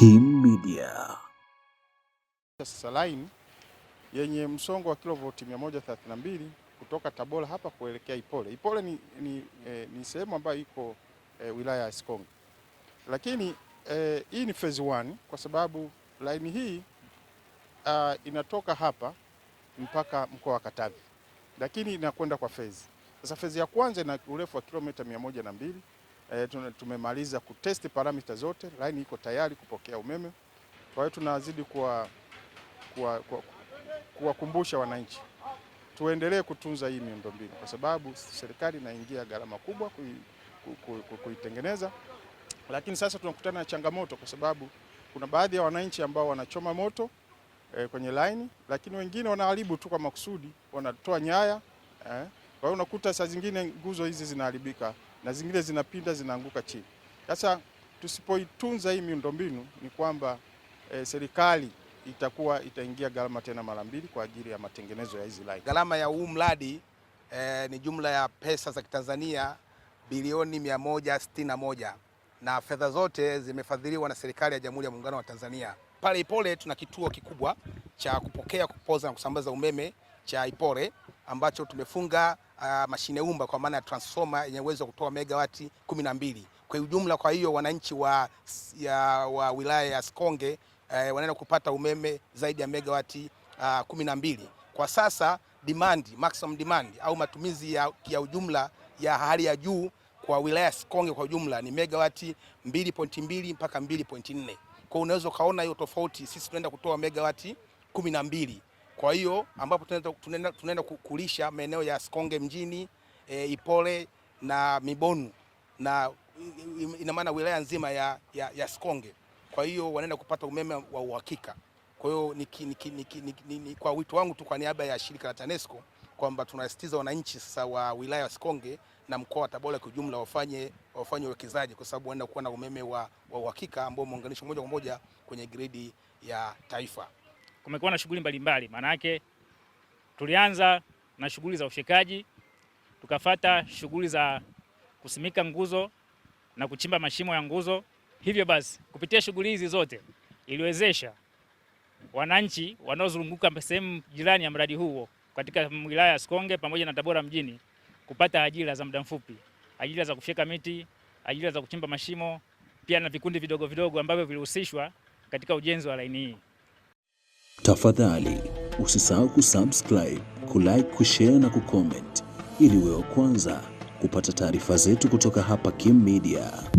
Kim Media. Sasa line yenye msongo wa kilovoti 132 kutoka Tabora hapa kuelekea Ipole. Ipole ni, ni, eh, ni sehemu ambayo iko eh, wilaya ya Sikonge, lakini eh, hii ni phase 1 kwa sababu line hii uh, inatoka hapa mpaka mkoa wa Katavi, lakini inakwenda kwa phase. Sasa phase ya kwanza ina urefu wa kilomita 102 E, tumemaliza kutesti parameter zote, line iko tayari kupokea umeme. Kwa hiyo tunazidi kuwakumbusha wananchi tuendelee kutunza hii miundombinu kwa sababu serikali inaingia gharama kubwa kuitengeneza kui, kui, lakini sasa tunakutana na changamoto kwa sababu kuna baadhi ya wananchi ambao wanachoma moto e, kwenye laini, lakini wengine wanaharibu tu kwa makusudi, wanatoa nyaya e. Kwa hiyo unakuta saa zingine nguzo hizi zinaharibika na zingine zinapinda zinaanguka chini. Sasa tusipoitunza hii miundombinu ni kwamba e, serikali itakuwa itaingia gharama tena mara mbili kwa ajili ya matengenezo ya hizi line. Gharama ya huu mradi e, ni jumla ya pesa za Kitanzania bilioni 161 na fedha zote zimefadhiliwa na serikali ya Jamhuri ya Muungano wa Tanzania. Pale Ipole tuna kituo kikubwa cha kupokea, kupoza na kusambaza umeme cha Ipole ambacho tumefunga uh, mashine umba kwa maana ya transformer yenye uwezo wa kutoa megawati 12 kwa ujumla. Kwa hiyo wananchi wa, wa wilaya ya Sikonge uh, wanaenda kupata umeme zaidi ya megawati uh, 12 kwa sasa. Demand, maximum demand au matumizi ya, ya ujumla ya hali ya juu kwa wilaya ya Sikonge kwa ujumla ni megawati 2.2 mpaka 2.4. Kwa hiyo unaweza ukaona hiyo tofauti, sisi tunaenda kutoa megawati 12 kwa hiyo ambapo tunaenda, tunaenda kulisha maeneo ya Sikonge mjini e, Ipole na Mibonu na ina maana wilaya nzima ya, ya, ya Sikonge. Kwa hiyo wanaenda kupata umeme wa uhakika. Kwa hiyo kwa wito wangu tu kwa niaba ya shirika la TANESCO kwamba tunasisitiza wananchi sasa wa wilaya ya Sikonge na mkoa wa Tabora kwa ujumla wafanye wafanye uwekezaji kwa sababu wanaenda kuwa na umeme wa uhakika ambao umeunganishwa moja kwa moja kwenye gridi ya taifa kumekuwa na shughuli mbalimbali. Maana yake tulianza na shughuli za ushekaji, tukafata shughuli za kusimika nguzo na kuchimba mashimo ya nguzo. Hivyo basi kupitia shughuli hizi zote iliwezesha wananchi wanaozunguka sehemu jirani ya mradi huo katika wilaya ya Sikonge pamoja na Tabora mjini kupata ajira za muda mfupi, ajira za kufyeka miti, ajira za kuchimba mashimo, pia na vikundi vidogo vidogo ambavyo vilihusishwa katika ujenzi wa laini hii. Tafadhali usisahau kusubscribe, kulike, kushare na kucomment ili uwe wa kwanza kupata taarifa zetu kutoka hapa Kim Media.